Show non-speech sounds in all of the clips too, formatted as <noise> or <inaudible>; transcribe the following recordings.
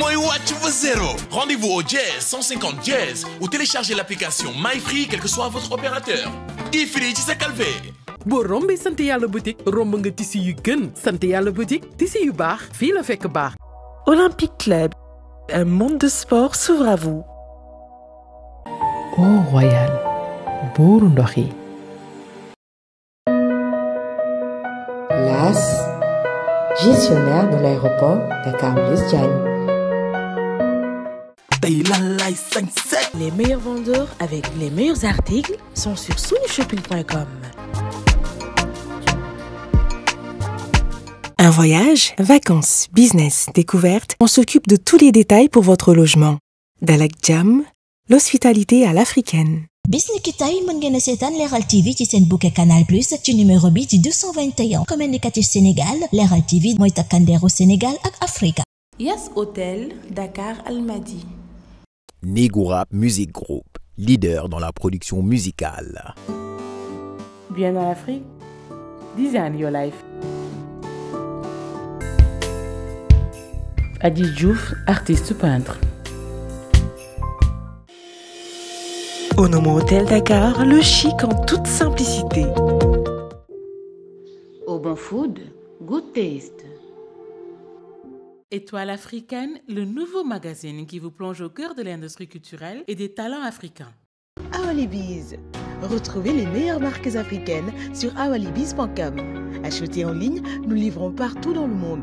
Moi watch vos zéro rendez-vous au jazz, 150 jazz, ou téléchargez l'application MyFree quel que soit votre opérateur di firi Calvé. sa calvé Santé à la boutique rombe nga tissu yu Santé à la boutique tissu yu baax fii la Olympic Olympique Club un monde de sport s'ouvre à vous Au Royal. buuru Las gestionnaire de l'aéroport Dakar Blaise Diagne les meilleurs vendeurs avec les meilleurs articles sont sur sunishopping.com un voyage vacances business découverte on s'occupe de tous les détails pour votre logement Dalak Jam l'hospitalité à l'africaine Business ni ki TV ci seen bouquet Canal Plus ci numéro bi ci 221 communicatif Sénégal Leral TV mooy takkandeeru Sénégal ak Afrique Yes Hotel Dakar Almadi Negura Music Group, leader dans la production musicale. Bien en Afrique, design your life. Adi Djouf, artiste peintre. Au nom Hôtel Dakar, le chic en toute simplicité. Au bon food, good taste. Étoile africaine, le nouveau magazine qui vous plonge au cœur de l'industrie culturelle et des talents africains. Awalibiz. Retrouvez les meilleures marques africaines sur awalibiz.com. Achetez en ligne, nous livrons partout dans le monde.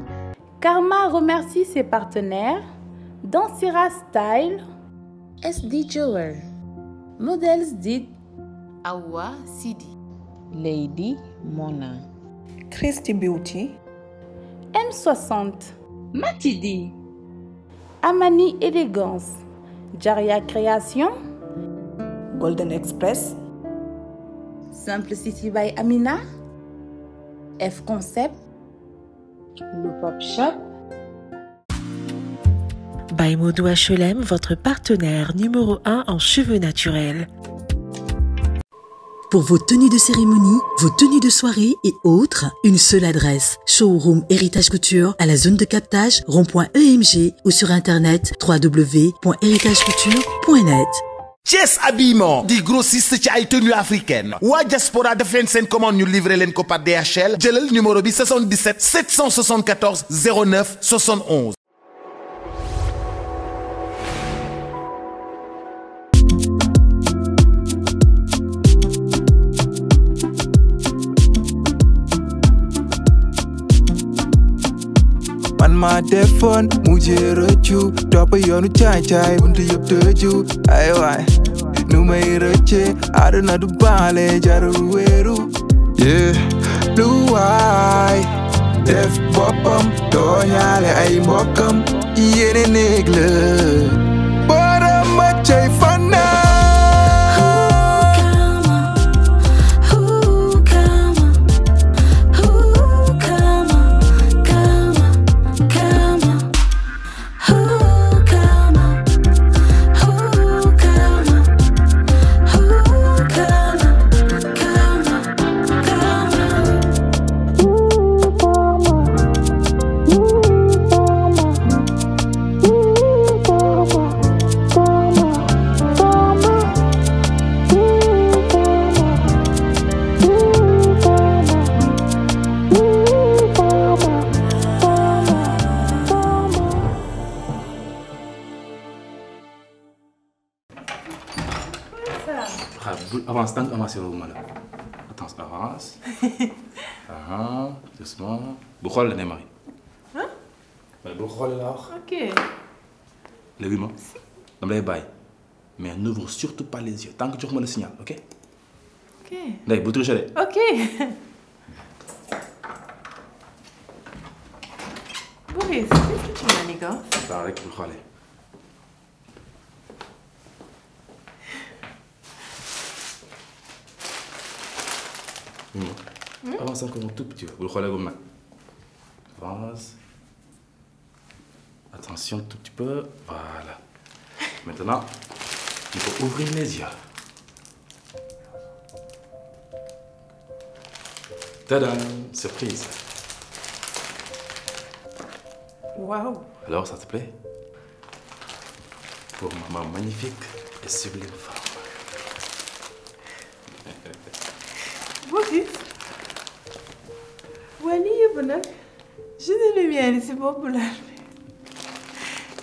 Karma remercie ses partenaires Dansira Style, SD Jewel, Models Did, Awa Sidi, Lady Mona, Christy Beauty, M60. Matidi, Amani Elegance, Jaria Création, Golden Express, Simplicity by Amina, F Concept, Le Pop Shop. By Modou HLM, e e votre partenaire numéro 1 en cheveux naturels. Pour vos tenues de cérémonie, vos tenues de soirée et autres, une seule adresse. Showroom Héritage Couture à la zone de captage rond.emg ou sur internet www.héritagecouture.net. Chess Habillement dit grossiste ci ay tenue africaine waa diaspora de leen seen nous livrer livré DHL, j'ai par DHL le numéro bi 77 774 09 71 maa defoon mujjee rëccu topp yonu caay caay buntu yëpp tëju ay waay nu may rëcce àdduna du baale jaru weeru yeah blue eye, def boppam tooñaale ay mbokkam yéene néeg la wax. ok. léegi moi. Non lay bàyyi mais n'ouvre surtout pas les yeux tant que tu ma le signal ok. ok ndey bu touché ok. <laughs> Boris, qu'est-ce que tu m'as dit quoi? Attends rek ñu xoolee. avance encore un tout petit peu le xoolee ba mu nag avance. Attention, tout petit peu. Voilà. Maintenant, il faut ouvrir les yeux. Tadam Surprise Waouh Alors, ça te plaît Pour ma magnifique et sublime femme. Boris <laughs> Wali, je ne le mien, c'est populaire.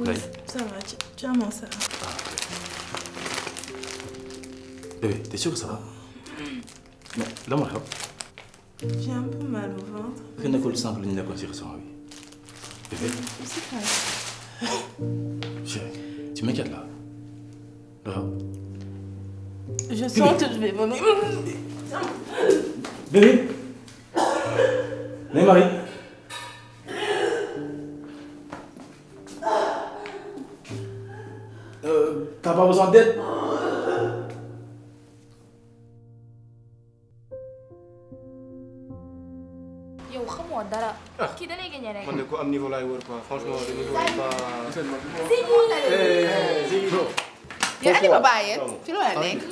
Oui, ça va, Tiens-moi ça. Ah, eh, Bébé, t'es sûr que ça va Non, mm. là, moi, J'ai un peu mal au ventre. Rien n'est que le simple, ni la conscience, oui..! Bébé C'est pas <laughs> Chérie, tu m'inquiètes là. Là. Je sens que je vais vomir. Bébé Marie déet yow xamoo dara. kii da lay gagné rek. man de ku am niveau laay wër quoi franchement le niveau est pas. Ziggy yow Aliou Baye ci loo la nekk.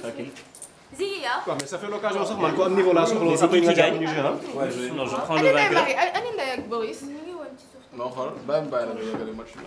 Ziggy yow. waaw mais ça fait l'occasion sax man ku am niveau laa soxla. après ñu jàpp ñu joué ah. non je prends le vainqueur. Aliou Ndeye ak Boris. ñu ngi woon ci suuf. non xool bàyyi mu bàyyi la nga yëgale match bi.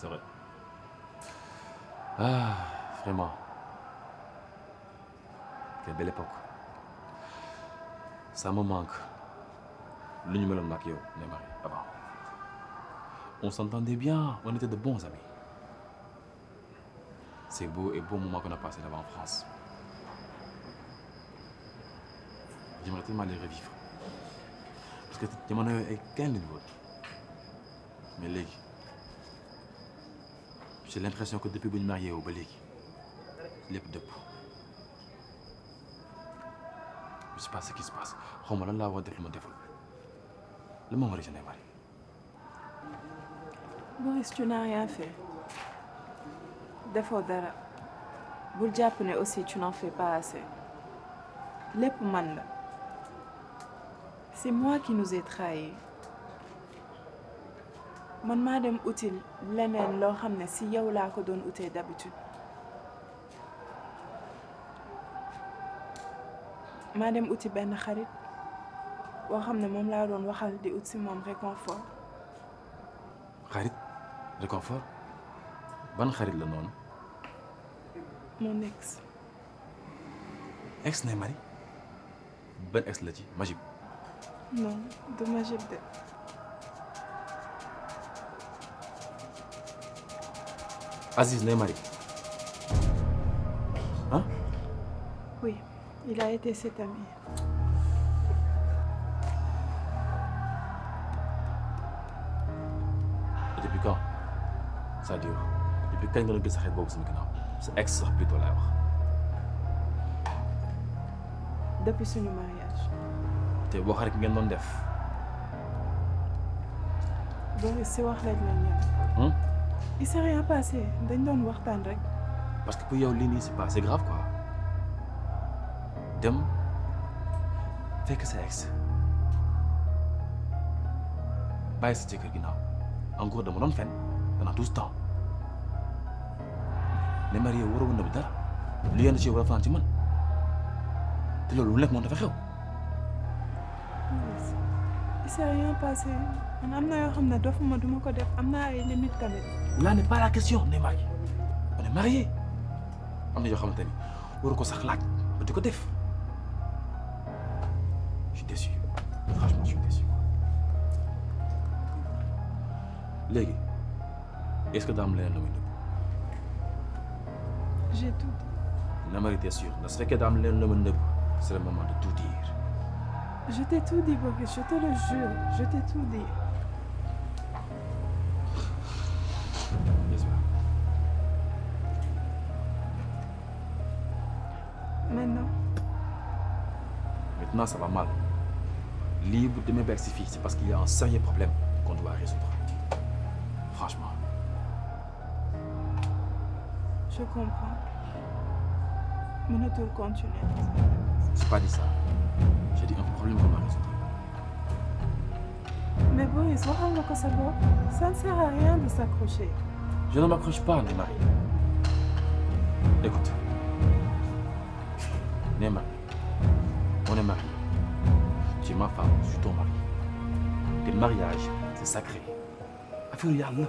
c'est vrai. Ah, vraiment. Quelle belle époque. Ça me manque. Le numéro de Nakio, avant. On s'entendait bien, on était de bons amis. C'est beau et beau moment qu'on a passé là-bas en France. J'aimerais tellement les revivre. Parce que tu avec à de niveau. Mais les j'ai l'impression que depuis bu ñu marié wu est léegi lépp je sais pas ce qui se passe xaw ma lan laa war def lu le deful lu est war Marie. Maurice tu n'as rien fait dara bul jàpp aussi tu n'en fais pas assez lépp man c'est moi qui nous ai trahis. man ma dem outil leneen loo xam ne si yow laa ko doon utee d'habitude maa dem uti benn xarit boo xam ne moom laa doon waxal di ut si moom réconfort xarit réconfort ban xarit la noonu mon ex ex ne mari ban ex la ci Majib non du Majib de Aziz n'est Hein Oui, il a été cet ami. Et depuis quand Ça dure. Depuis quand nga doon gis sa xarit boobu sama ginnaaw C'est ex plutôt là wax. depuis son mariage. te boo xarit ngeen doon def. donc si wax rek là. Hein? il s'est rien passé a rek. parce que pour yow ce c'est pas c'est grave quoi dem que c'est ex laisse en gros dama mon fait pendant tout temps ne Marie pas waroon na ci fait a Et c'est s'est rien passé man am na ne dofuma duma ko def am naa ay limites tamit. là n'est pas la question on est marié on est marié am na yoo xamante on waru ko sax laaj ba di ko def je suis déçu franchement je suis déçu Légué, est-ce que dame am le lu j'ai tout dit. na ma été sûr ndax su que daa am leneen lu c'est le moment de tout dire. Je t'ai tout dit, Boris, je te le jure. Je t'ai tout dit. Maintenant Maintenant, ça va mal. Libre de mes bercifier, c'est parce qu'il y a un sérieux problème qu'on doit résoudre. Franchement. Je comprends. Mais nous te continuer. J'ai pas dit ça. J'ai dit un problème qu'on va résolu. Mais Boris, ça ne sert à rien de s'accrocher. Je ne m'accroche pas, Neymar. Écoute. Neymar, on est mariés. Tu es ma femme, je suis ton mari. Le mariage, c'est sacré. Affaire yàlla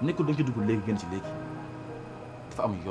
tu ci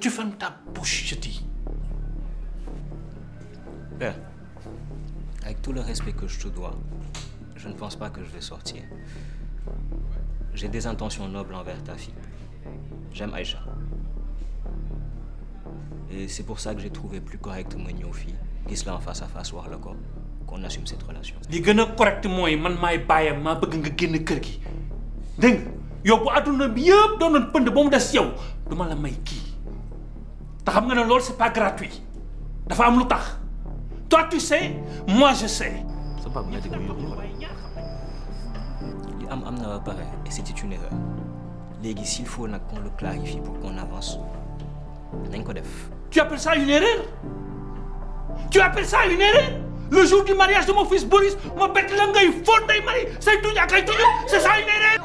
tu fermes ta bouche je dis. Père, eh, avec tout le respect que je te dois, je ne pense pas que je vais sortir. J'ai des intentions nobles envers ta fille. J'aime Aïcha. Et c'est pour ça que j'ai trouvé plus correct une fille qui se en face à face voir le corps qu'on assume cette relation. li correct man bëgg nga yow bu adduna bi yëpp doon nañ des yow duma ne c'est pas gratuit dafa am toi tu sais moi je sais. C'est papa ñaata ko am et c'était une erreur L'église, s'il faut qu'on le clarifie pour qu'on avance nañ ko tu appelles ça une erreur tu appelles ça une erreur le jour du mariage de mon fils Boris ma bett la ngay fóot day mari say C'est tout, c'est ça une erreur.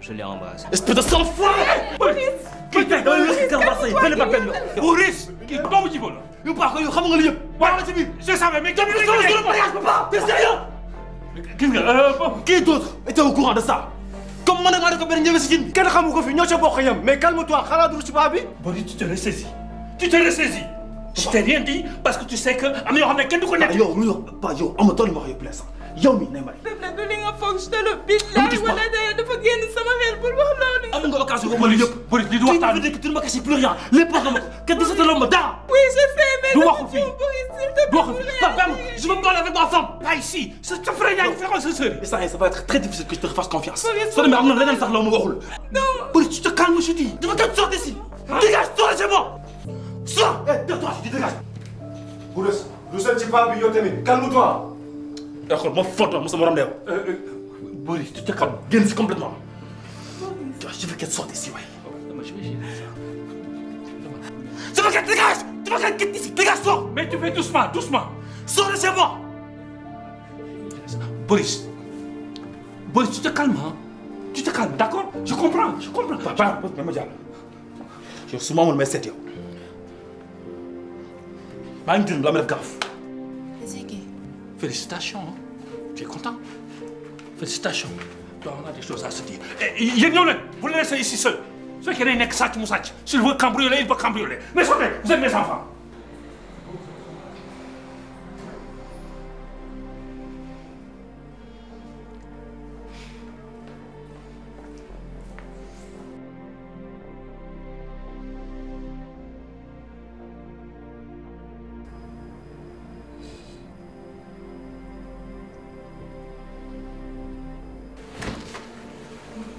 je l'ai embrassé. Espèce de sang froid Putain, euh, pas Je savais, mais pas sérieux euh, Qui d'autre était au courant de ça Comme mon amant de Kabir ne Quel pas pas Mais calme-toi, ne Chibabi. Boris, tu te ressaisis. Tu te ressaisis. Je t'ai rien dit parce que tu sais que. Ah, mais a quelqu'un qui connaît. Yo, yo, pas yo, tu me donne Mario Yo, du li nga foog je te le billahi wala dafa génn sama xel pour wax lolu am nga occasion ko mën yëpp bëri di waxtaan di tu ma me plus rien lépp wax nga ma ko que c'était l'homme dara. oui je sais mais du waxu fi du waxu fii je veux parler avec ma femme. pas ici sa sa frère yaa ngi fexe sa ça ça va être très difficile que je te refasse confiance. soo demee am na sax loo waxul. non bëri tu te calmes je dis. dama kat sorti si. dégage sors de chez moi. sors. eh dégage. Bourès lu sën ci paa bi yow tamit calme-toi yaa moi ma foot ma sama rendez euh, euh, Boris tu te calmes viens complètement. je veux qu'elle sorte ici ouais. Oh, je veux qu'elle dégage Tu veux qu'elle quitte ici dégage sors. mais tu fais doucement doucement. sors de chez moi. Boris Boris tu te calmes hein. tu te calmes d'accord je comprends je comprends. papa mais moi, je Je ma amoon may seet yow. maa ngi dund la ma def gaffe. Félicitations. Hein? Tu es content Félicitations. Toi, on a des choses à se dire. Eh, vous le laissez ici seul. Ceux qui ont une sac, s'il veut cambrioler, il peut cambrioler. Mais sortez, vous êtes mes enfants.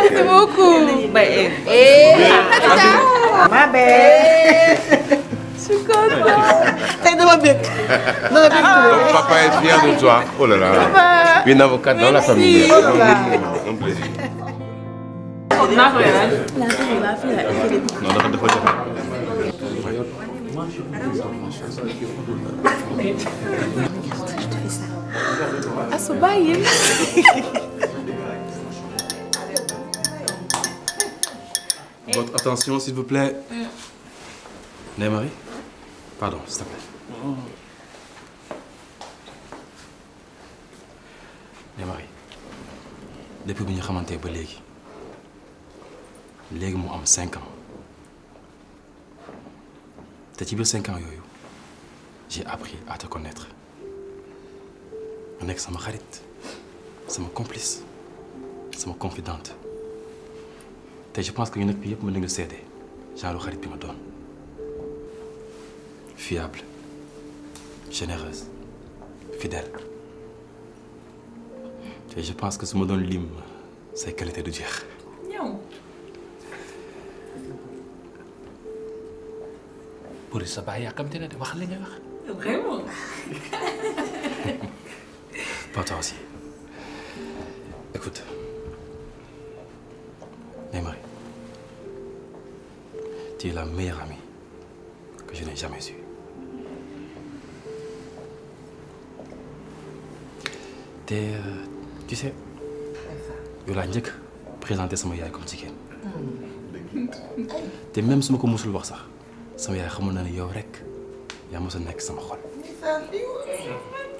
Merci beaucoup. Bah, et eh. Ma belle. Je T'es de ma papa est fier de toi. Oh là là. Une avocate dans la famille. Un plaisir. la hein. Non, Attention, s'il vous plaît. Némarie, Marie Pardon, s'il te plaît. Oh. Marie depuis que nous sommes maintenant, nous 5 ans. Et dans 5 ans, j'ai appris à te connaître. Je suis ma c'est mon complice, ma confidente je pense qu'il y que nous avons pu nous aider. J'ai un charisme qui me donne. Fiable. Généreuse. Fidèle. je pense que ce mot donne l'hymne, c'est qu'elle était de dire. Non. Pour ça, il y a comme tu as dit. Vraiment. Pas toi aussi. Tu es la meilleure amie que je n'ai jamais eue. te euh, tu sais yow laa njëkk présenté sama yaay comme jigéen te même su ma ko musul wax sax sama yaay xamoon na ne yow rek yaa mos a nekk sama xol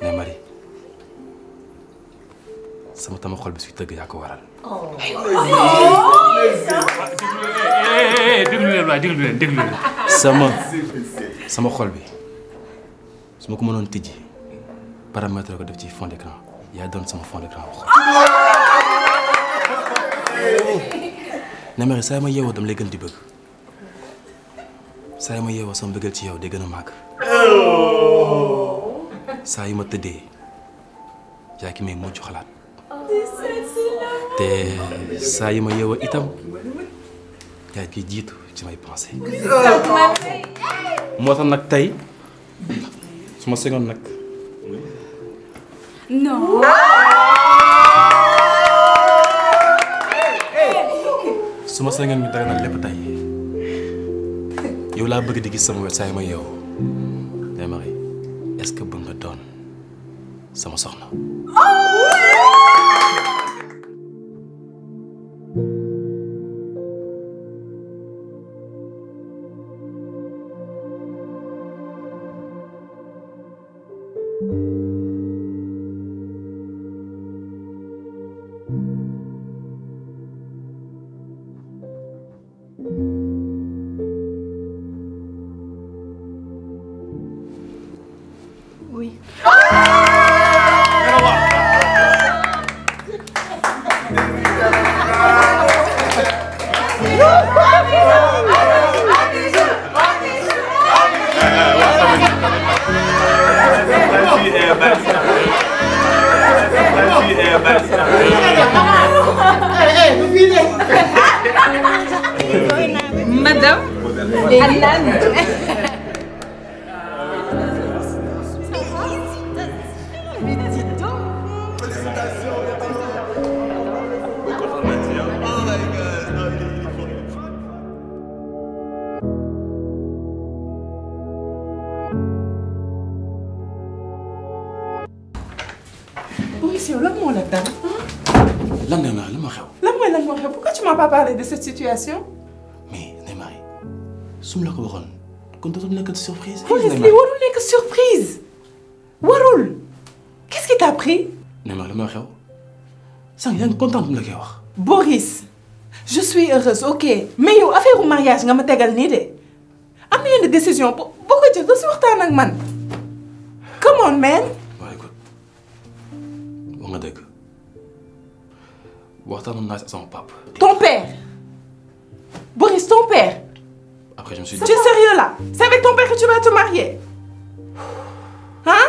mais Marie sama tama xol bi suy tëgg yaa ko waral oh. Oh, Samo, moi C'est moi C'est moi sama sama xol bi moi. ko C'est moi. paramètre ko def ci fond d'écran C'est moi. C'est fond d'écran moi. C'est moi. C'est moi. lay gën di bëgg C'est moi. sama bëggal ci yow moi. gën moi. C'est moi. C'est moi. C'est yaa ngi jiitu ci may pensé. moo tax nag tey su ma segoon nag. non. su ma segoon ñu dara nag lépp tey yow laa bëgg di gis sama wet saa yi ma yeewoo day mari est-ce que bëgg nga doon sama soxna. Tu t'a pris ne ma lu ma xew sànq yaa content kontaan me la Boris je suis heureuse ok mais yo, affaire mariage nga ma tegal nii Amène am une décision Pourquoi tu jël da si come on man. Bon, écoute Je nga dëgg waxtaanoon naa si sama papa. ton père Boris ton père. après je me suis dit. tu es sérieux là c'est avec ton père que tu vas te marier hein.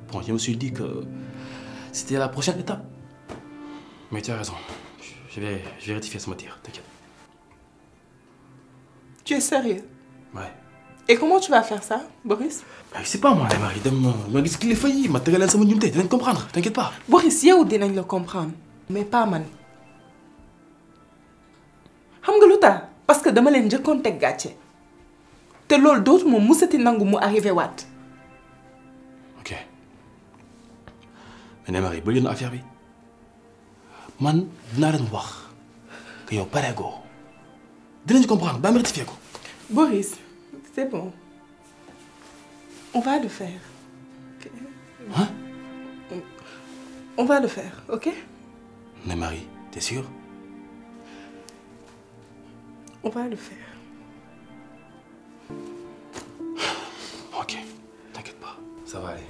Bon, je me suis dit que c'était la prochaine étape. Mais tu as raison. Je vais, je vais rectifier ce matin. t'inquiète. Tu es sérieux Ouais. Et comment tu vas faire ça, Boris bah, Je sais pas, moi, Marie. Je sais qu'il est failli. Je vais te dire Tu je comprendre, t'inquiète pas. Boris, yow dinañ le comprendre. Mais pas man. xam parce que dama je njëkkoon teg gàcce te loolu dootuma musati nangu mu arrivé ne ma ba faire na affaire man dinaa leen wax que yow pare pas dinañu comprendre ba mu Boris c'est bon on va le faire. Hein? on va le faire ok. mais Marie es sûr? on va le faire. ok t'inquiète pas ça va aller.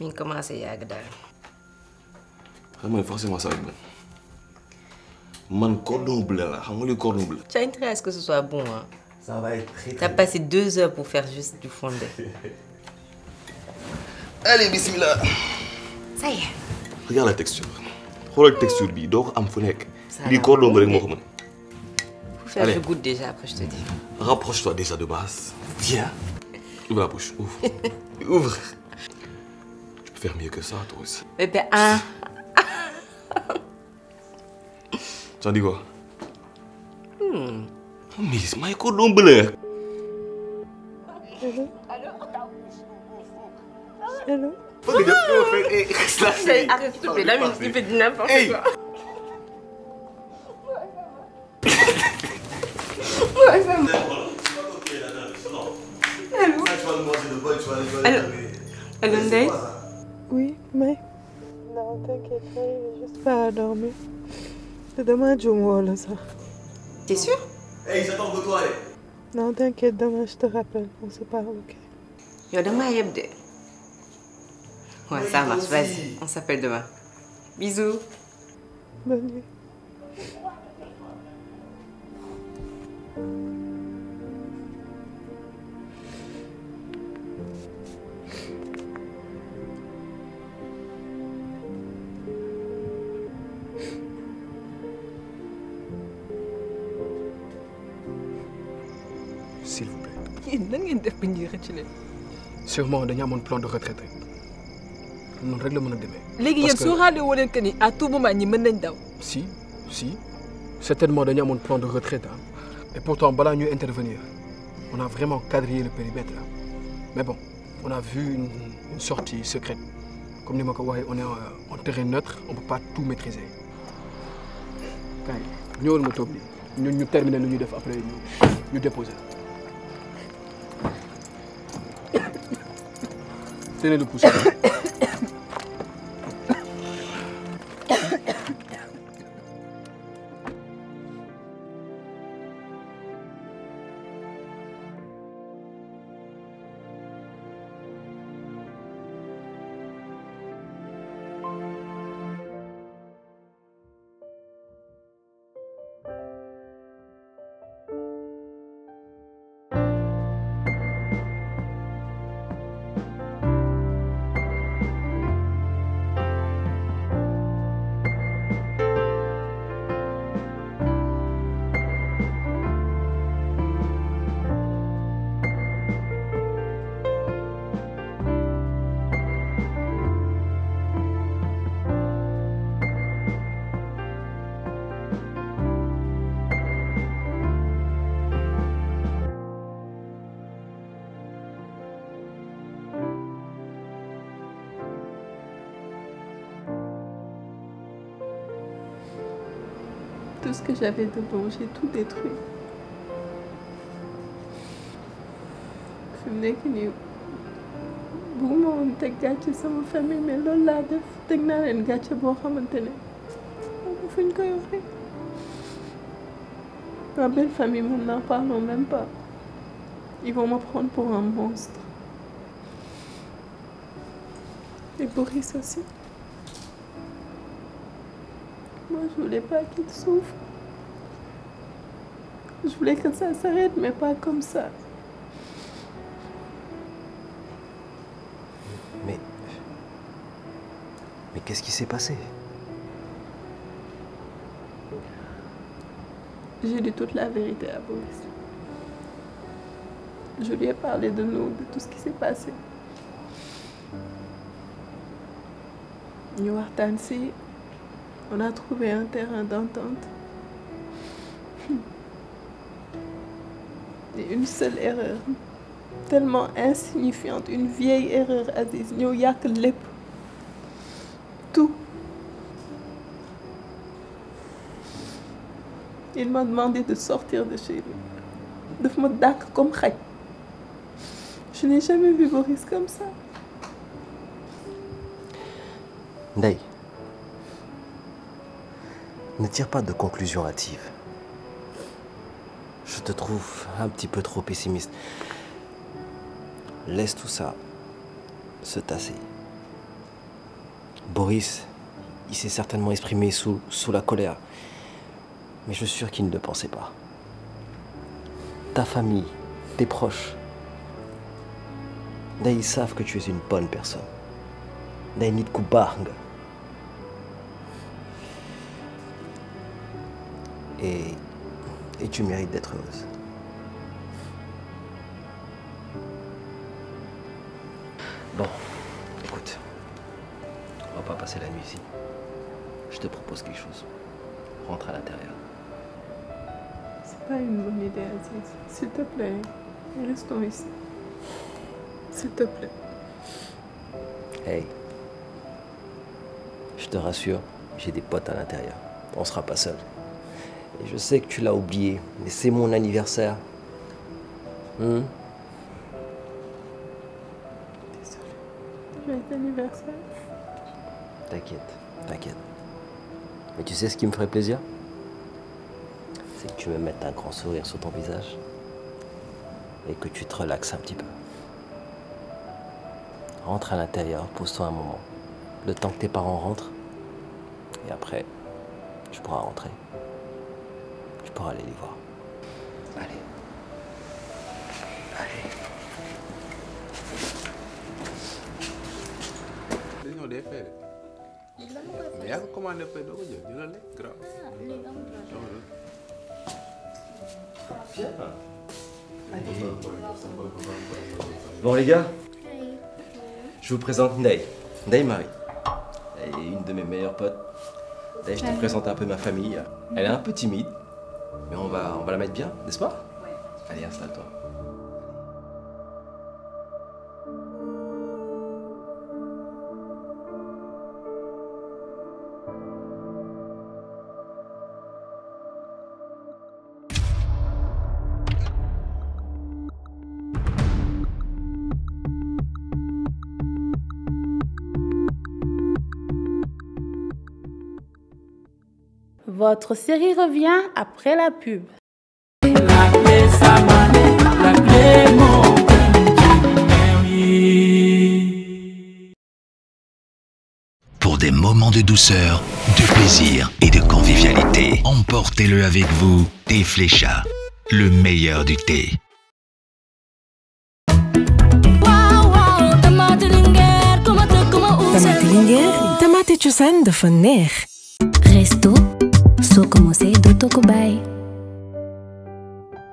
Je commence commencé à daal. Vraiment, forcément ça man man cordon bleu la xam nga cordon bleu. tu as intérêt à ce que ce soit bon hein ça va être très très. t'as passé deux heures pour faire juste du de. <laughs> allez bismillah. ça y est. regarde la texture Regarde la texture bi doo ko am cordon bleu rek moo faut faire je goûte déjà après je te dis. rapproche-toi déjà de base. viens. ouvre la bouche ouvre <laughs> ouvre. Faire mieux que ça, toi aussi. Eh Bébé, ben, hein? <laughs> en dis quoi? Hmm. Oh, Miss, Allô? <laughs> Allô? Arrête, ça Allô Allô, oui, mais. Non, t'inquiète pas, il est juste pas à dormir. C'est demain, là, ça. T'es sûr Ils j'attends de toi, Non, t'inquiète, demain, je te rappelle. On se parle, ok Yo, demain, il y Ouais, ça marche, vas-y. On s'appelle demain. Bisous. Bonne nuit. nan ngeen def ba ñuy sûrement dañu plan de retraite Nous noonu rek la de que léegi yéen Vous que ni à tout moment ñi si si certainement dañu un plan de retraite hein. et pourtant balaa ñuy intervenir on a vraiment quadrillé le périmètre hein. mais bon on a vu une, sortie secrète comme ni ma on est euh, en, terrain neutre on peut pas tout maîtriser. Nous, ñëwal ma nous nii ñu après ñu Tenez le pouce. ce que j'avais de bon. J'ai tout détruit. fi mu que nous, bugguma woon teg gàcce sama famille mais loolu laa def teg naa leen gàcce boo xamante ne fu ñu koy waxee ma belle famille maintenant parlons même pas ils vont me prendre pour un monstre et Boris aussi moi je voulais pas qu'il souffre je voulais que ça s'arrête, mais pas comme ça. Mais... Mais qu'est-ce qui s'est passé J'ai dit toute la vérité à Boris. Je lui ai parlé de nous, de tout ce qui s'est passé. New on a trouvé un terrain d'entente. une seule erreur tellement insignifiante une vieille erreur Aziz tout il m'a demandé de sortir de chez lui de me dàq comme ça. je n'ai jamais vu Boris comme ça Ndeye ne tire pas de conclusion hâtive je te trouve un petit peu trop pessimiste. Laisse tout ça se tasser. Boris, il s'est certainement exprimé sous, sous la colère, mais je suis sûr qu'il ne le pensait pas. Ta famille, tes proches, ils savent que tu es une bonne personne. coup de Et et tu mérites d'être heureuse. Bon, écoute. On va pas passer la nuit ici. Je te propose quelque chose. Rentre à l'intérieur. C'est pas une bonne idée, Aziz. S'il te plaît, restons ici. S'il te plaît. Hey. Je te rassure, j'ai des potes à l'intérieur. On sera pas seuls. Et je sais que tu l'as oublié, mais c'est mon anniversaire. Hmm anniversaire. T'inquiète, t'inquiète. Mais tu sais ce qui me ferait plaisir C'est que tu me mettes un grand sourire sur ton visage et que tu te relaxes un petit peu. Rentre à l'intérieur, pose-toi un moment. Le temps que tes parents rentrent. Et après, Je pourras rentrer. Allez aller les voir. Allez. Allez. Bon les gars, je vous présente Ney. Ney Marie. Elle est une de mes meilleures potes. je te présente un peu ma famille. Elle est un peu timide, mais on va, la mettre bien, n'est-ce pas Allez, installe-toi. Votre série revient après la pub. Pour des moments de douceur, de plaisir et de convivialité, emportez-le avec vous, Des Flécha, le meilleur du thé. Resto soo ko mosee ko bay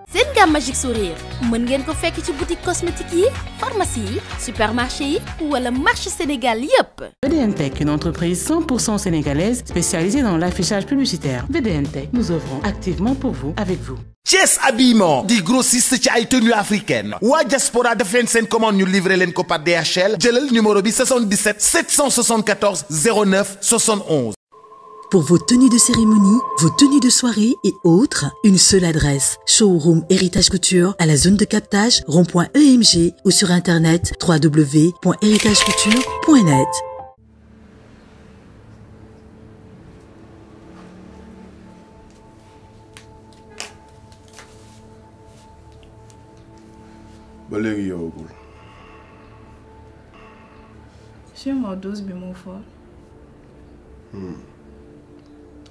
seen gamme magique sourire mën ngeen ko fekk ci boutique cosmétique yi pharmacie yi supermarché yi wala marché Sénégal yépp VDNTech, e une entreprise 100% sénégalaise spécialisée dans l'affichage publicitaire. VDNTech, e nous œuvrons activement pour vous, avec vous. Thiès Habillement dit grossiste ci ay tenue africaine Wa diaspora def leen seen commande nous livrer leen ko par DHL le numéro bi 77 774 09 71 pour vos tenues de cérémonie, vos tenues de soirée et autres, une seule adresse. Showroom Héritage Couture à la zone de captage rond.emg ou sur internet www.héritagecouture.net. Valérie léegi Je suis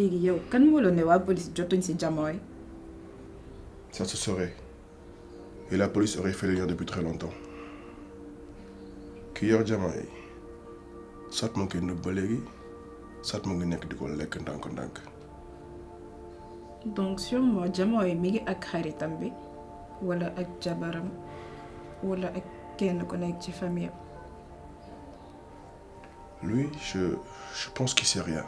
léegi yow kan moo la ne waa police jotuñ ci Diamoy ça se saurait et la police aurait fait le lien depuis très longtemps ki yor Diamoy soit mu ngi koy nëbb ba léegi soit mu ngi nekk di ko lekk ndànk-ndànk donc si sûrement Diamoy mi ngi ak xaritam bi walla ak jabaram walla ak kenn ku nekk ci famille lui je je pense qu'il sait rien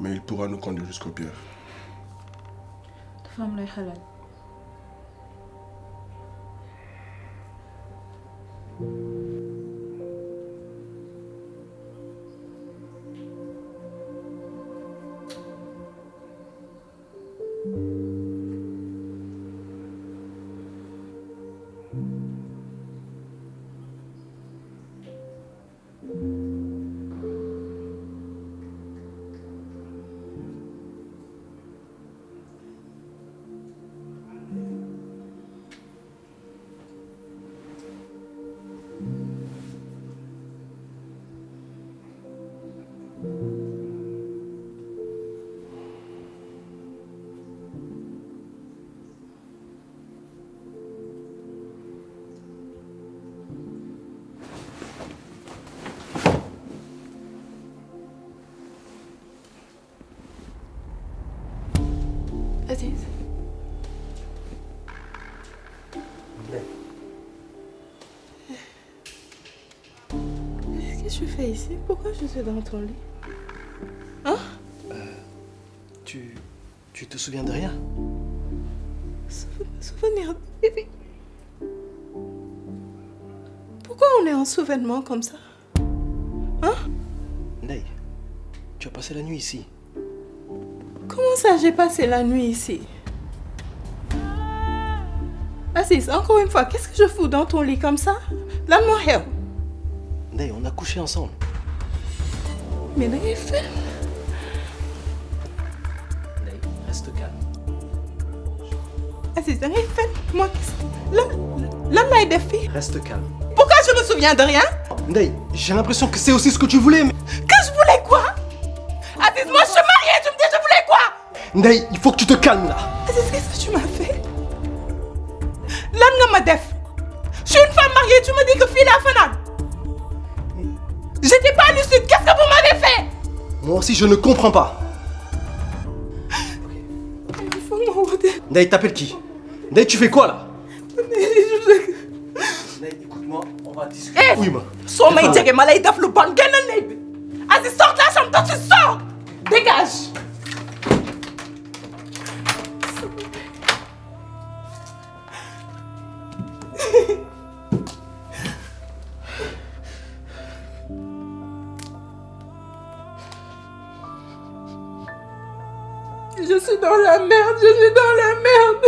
mais il pourra nous conduire jusqu'au pire. ici Pourquoi je suis dans ton lit Hein euh, Tu... Tu te souviens de rien Souvenirs? Souvenir... Pourquoi on est en souvenement comme ça Hein Ney, tu as passé la nuit ici. Comment ça j'ai passé la nuit ici Assis, encore une fois, qu'est-ce que je fous dans ton lit comme ça La moi ensemble. Mais n'a fen. reste calme. Ah moi l'homme, là reste calme. pourquoi je me souviens de rien. Ndeye j'ai l'impression que c'est aussi ce que tu voulais. Mais... que je voulais quoi. Aziz moi je suis mariée tu me dis je voulais quoi. Ndeye il faut que tu te calmes là. qu'est-ce que tu m'as fait. L'homme nga ma def. je suis une femme mariée tu me dis que fille la aussi, je ne comprends pas. Il faut Ndaï, t'appelles qui Ndaï, tu fais quoi là Ndaï, écoute-moi, on va discuter. Eh oui, ma. Son il dit que Malaï, le ban, gagne le sors de là, j'aime toi, tu sors Dégage je suis dans la merde.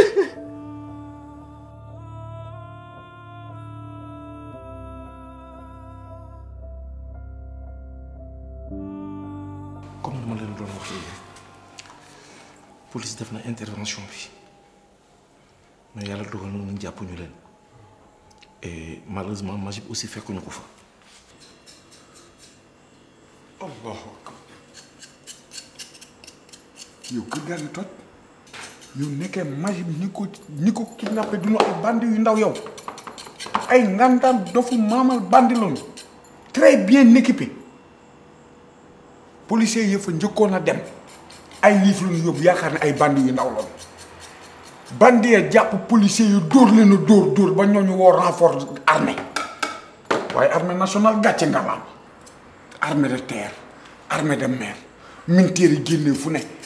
Comme je vous l'ai dit, la police a fait une intervention. Mais Dieu a fait une intervention. Et malheureusement, Majib aussi fait qu'on nous Allah fait..! Oh, oh, oh. Yo, que garde-toi ñu nekkee Majib ñi ko ñi ko kidnappé du ñu ay bandi yu ndaw yow ay ngantaan dofu maamal bandi loonu très bien équipé policiers yëpp njëkkoon a dem ay liif lu yóbbu yaakaar ne ay bandi yu ndaw loonu bandi ya jàpp policiers yu dóor leen dóor dóor ba ñooñu woo renfort armée waaye armée nationale gàcce ngalaam armée de terre armée de mer militaires yi génnee fu nekk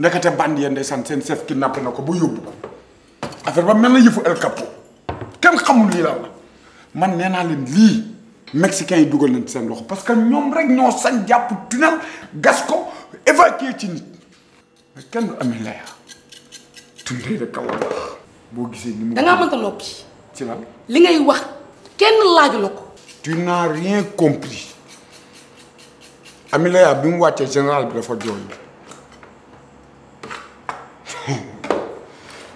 ndekete bandi ya ndeysaan seen chef kidnappé na ko ba yóbbu ko affaire ba mel na yëfu El Capo kenn xamul lii lan la man nee naa leen lii mexicains yi dugal nañ seen loxo parce que ñoom rek ñoo sañ jàpp tunnel gas ko évacuer ci nit kenn du amee laya tundey da boo gisee ni mu dangaa mënta noppi ci la li ngay wax kenn laaju la ko tu n'as rien compris amilaya bi mu wàccee général bi dafa jooy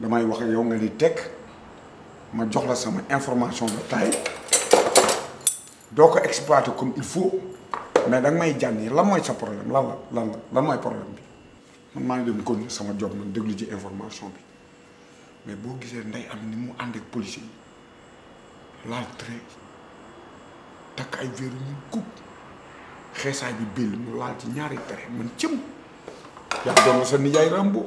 damay wax ak yow nga ni ma jox la sama information de taille doo ko exploiter comme il faut mais da may lan sa problème lan la lan la lan mooy problème bi man maa ngi dem kon sama job man déglu ci information bi mais boo gisee ndey am ni mu ànd polisi la tre tak trait takk ay verre ñu bi bill mu laal ci ñaari trait man cëm ya doon sa nijaay Rambo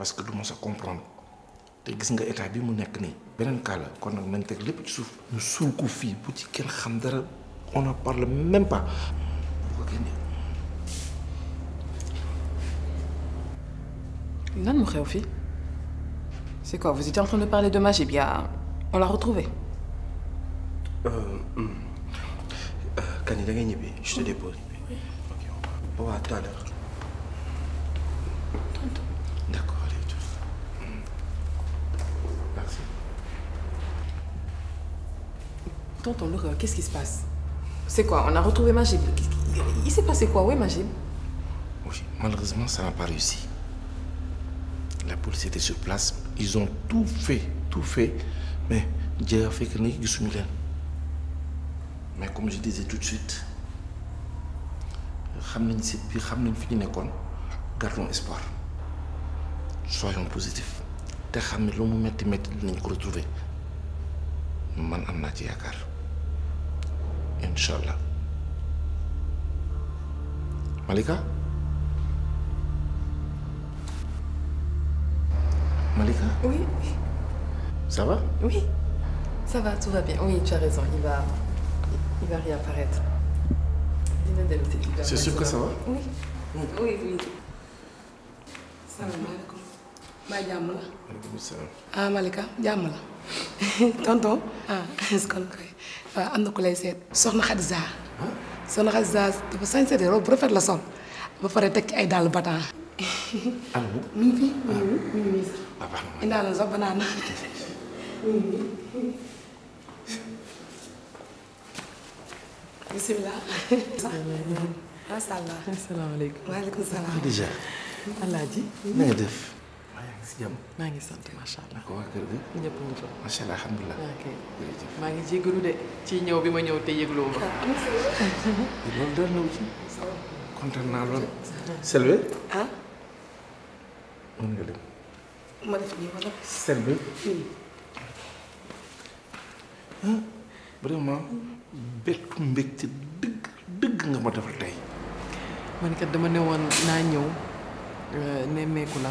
parce que du mos a comprendre te gis nga état bi mu nekk nii. beneen cas la kon nag nañ teg lépp ci suuf. ñu suul ko fii bu ci kenn xam dara on en parle même pas. bu ko génnee. lan mu xew fii c'est quoi vous étiez en train de parler de magie bien on l'a retrouvé. Euh, hmm. euh, Kani da ngay ñibbi je te dépose. ok on va à tout à l'heure. Tonton qu'est-ce qui se passe C'est quoi On a retrouvé Magib. Il s'est passé quoi Oui, Majib? Oui, malheureusement, ça n'a pas réussi. La police était sur place. Ils ont tout fait, tout fait. Mais a fait que nous Mais comme je disais tout de suite, gardons espoir. Soyons positifs. Nous Gardons espoir. Soyons positifs. metti metti ko retrouver man Inch'Allah. Malika Malika Oui, Ça va Oui. Ça va, tout va bien. Oui, tu as raison. Il va, il va réapparaître. C'est sûr que ça va Oui. Oui, oui. Ça va bah, maa ah Malika Tantôt <laughs> tonton. ah <laughs> est-ce فأنا كلايسات صنع خدزة صنع خدزة تبى سان سيدي رو بروفيت لصن بفرتك أي دال بطة أنو مين في مين مين مين إن دال زبنا أنا بسم الله السلام عليكم وعليكم السلام خدزة الله جي ما يدف si jàmm. maa ngi sant macha allah. waaw kër maa ngi jégalu de ci ñëw bi ma ñëw te yëgloo ma. <laughs> loolu dara na ci. kontaan naa lool. <laughs> Selbe. ah. mën nga dem. ma def nii wala. Ah, dëgg dëgg nga ma defal tey. man dama ne woon naa ñëw euh, nemmeeku la.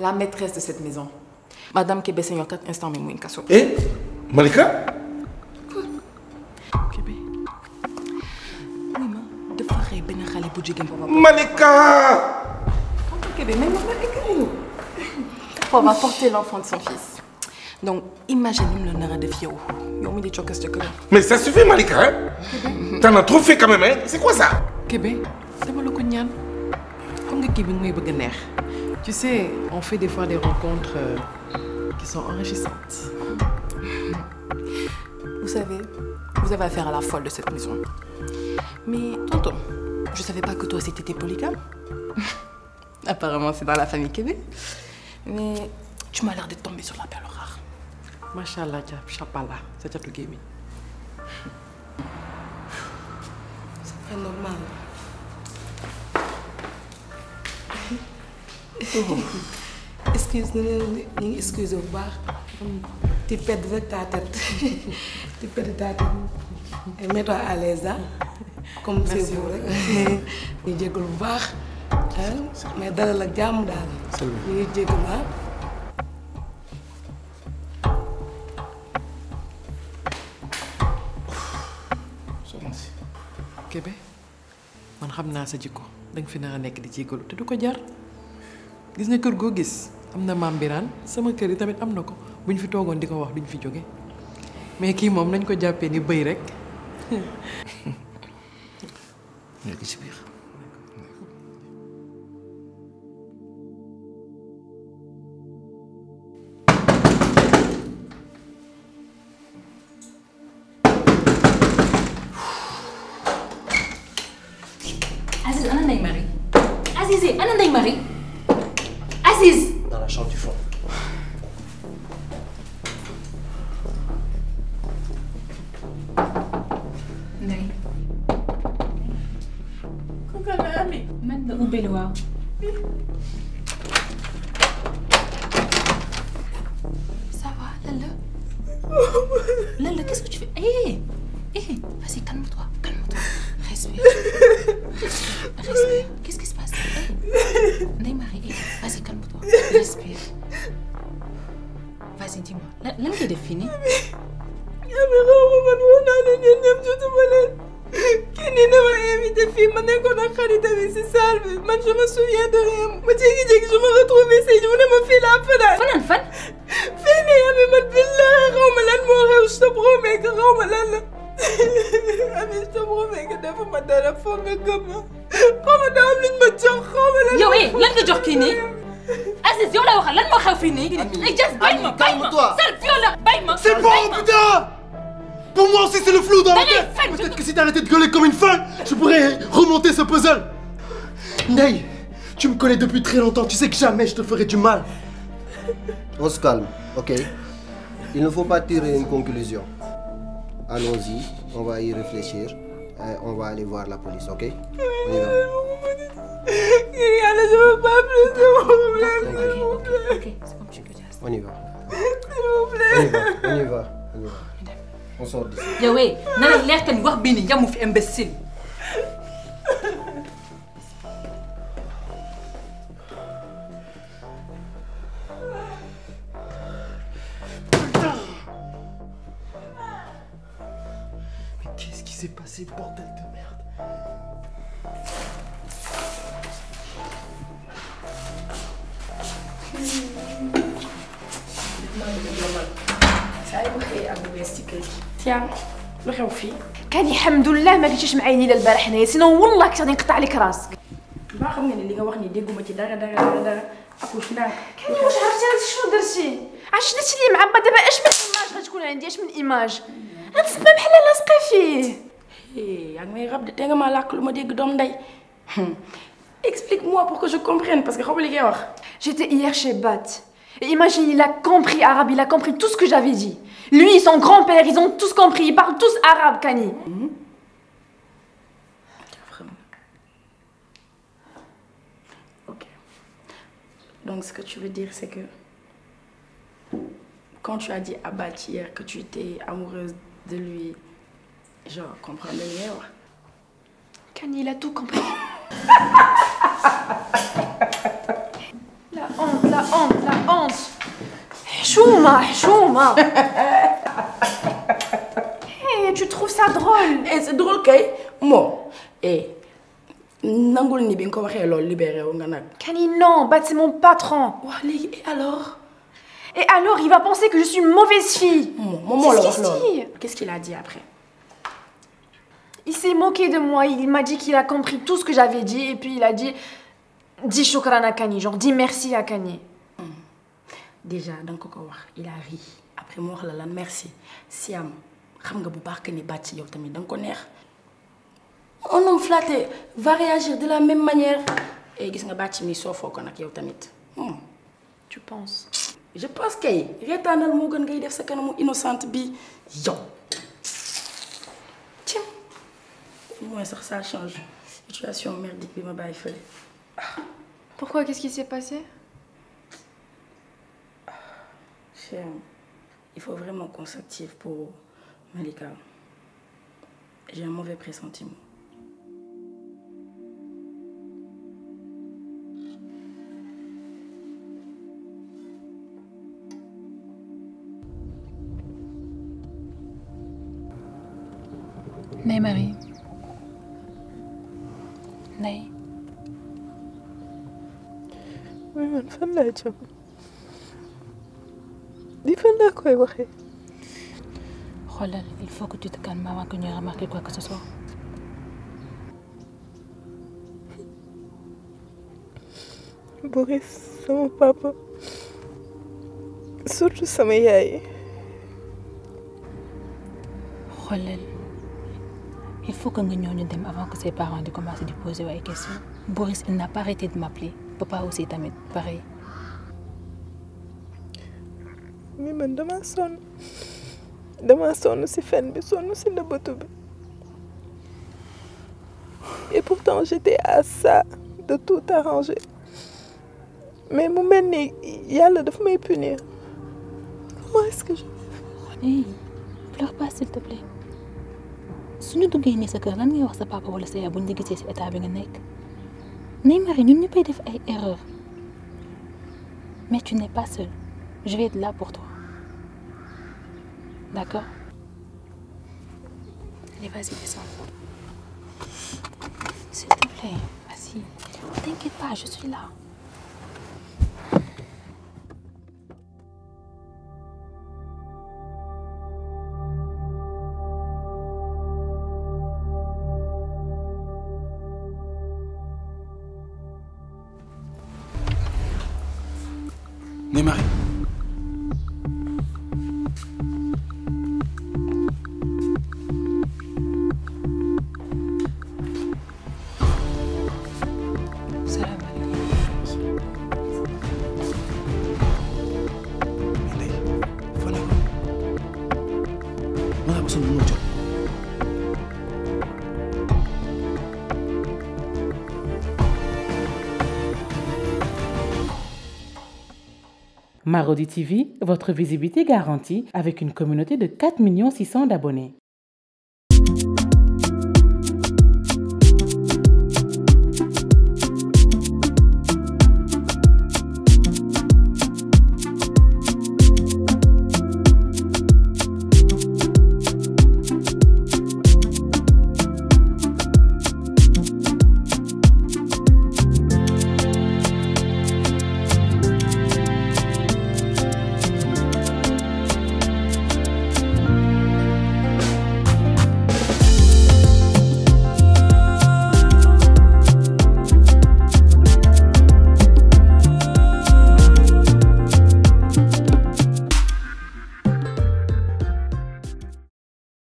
la maîtresse de cette maison. Madame Kébé Seigneur 4 instant mais moi kasso. Eh Malika Kébé. Oui ma faire et ben xalé bu jigen papa. Malika Kébé même ma Pour porté l'enfant de son fils. Donc imagine le nara de Fio. Yomi di chokas chokas. Mais ça suffit Malika. Hein? T'en as trop fait quand même hein. C'est quoi ça Kébé, dama la ko ñaan. Xam nga Kébé ngay bëgg neex. Tu sais, on fait des fois des rencontres euh, qui sont enrichissantes. Vous savez, vous avez affaire à la folle de cette maison. Mais tonton, je savais pas que toi c'était tes polygames. <laughs> Apparemment, c'est dans la famille Québec. Mais tu m'as l'air de tomber sur la perle rare. Machallah, chapala, c'est tout gaming. C'est pas normal. Oh. excuse na leen bu baax ti pedd rek ta tête ti pedd ta tête à l'aise ah. comme c'est vous rek bu baax mais dalal ak jàmm daal ngi jégalu ah Kébé man xam naa sa jikko danga fi nar nekk di jégalu te du ko jar gis nga kër goo gis am na maam Birane sama kër yi tamit am na ko bu ñu fi toogoon di ko wax duñ fi jóge mais kii moom nañ ko jàppee ni bëy rek. <laughs> xaw là là la Ami soo ma waxee de defu ma dara foog nga gëm ma xaw ma daal luñ ma jox xaw ma lan. yow eh lan nga jox kii nii Aziz yow lay waxal lan moo xew fii nii. Ami eh, Ami calme-toi bay ma. c'est bon putain. Pour moi aussi c'est le flou dans la tête. Peut-être que si t'arrêtais de gueuler comme une folle, je pourrais remonter ce puzzle. Ney, tu me connais depuis très longtemps, tu sais que jamais je te ferai du mal. On se calme, ok Il ne faut pas tirer une conclusion allons-y, on va y réfléchir. on va aller voir la police, ok On y va. On y va. On y va, on sort d'ici. Yahweh, imbécile. s'est passé, bordel de merde تيام بخير وفي كان الحمد لله ما جيتيش معايا لا البارح هنايا سينو والله كنت غادي نقطع لك راسك باغا من اللي ديك اكو كان واش عرفتي انا شنو درتي عرفتي درتي لي مع با دابا اش من ايماج غتكون عندي اش من ايماج غتسمى بحال لاصقه فيه Hey, eh, <laughs> explique-moi pour que je comprenne parce que j'étais hier chez Bat et imagine il a compris arabe il a compris tout ce que j'avais dit lui son grand-père ils ont tous compris ils parlent tous arabe Kani. Hmm? ok donc ce que tu veux dire c'est que quand tu as dit à Bat hier que tu étais amoureuse de lui. Je comprends le mieux. il a tout compris. <laughs> la honte la honte la honte. Chouma chouma. <laughs> hey tu trouves ça drôle. Eh, c'est drôle kay Moi. eh nangul ni bi ko libéré nga non bah c'est mon patron. et alors. et alors il va penser que je suis une mauvaise fille. moom moo qu'est-ce qu'il a dit après. Il s'est moqué de moi, il m'a dit qu'il a compris tout ce que j'avais dit et puis il a dit dis shukran à Kanye, genre dis merci à Kanye. Hmm. Déjà, dans le il a ri. Après moi, oh la merci. Siam, xam nga bu baax Kanye batti yow tamit dang ko Un homme flatté va réagir de la même manière. Et eh, gis nga que mi sofo ko nak yow tamit. Hmm. Tu penses Je pense que je mo gën ngay def sa innocente ouais moins hein, ça change situation merdique ma il pourquoi qu'est-ce qui s'est passé. il faut vraiment qu'on s'active pour Malika j'ai un mauvais pressentiment. E il faut que tu te calmes avant que nous remarquions quoi que ce soit. Boris mon papa surtout me yaay. xoolal il faut que nous ñëw avant que ses parents commencent à di poser des questions. Boris il n'a pas arrêté de m'appeler papa aussi tamit pareil. man dama et pourtant j'étais à ça de tout arranger mais mu mel ni daf may punir comment est-ce que je hey pleure pas s'il te plaît suñu duggee nii sa kër lan ngay wax sa papa wala sa état bi nga erreurs mais tu n'es pas seul. je vais être là pour toi D'accord Allez, vas-y, descends. S'il te plaît, vas-y. T'inquiète pas, je suis là. Marodi TV, votre visibilité garantie avec une communauté de 4 600 d'abonnés.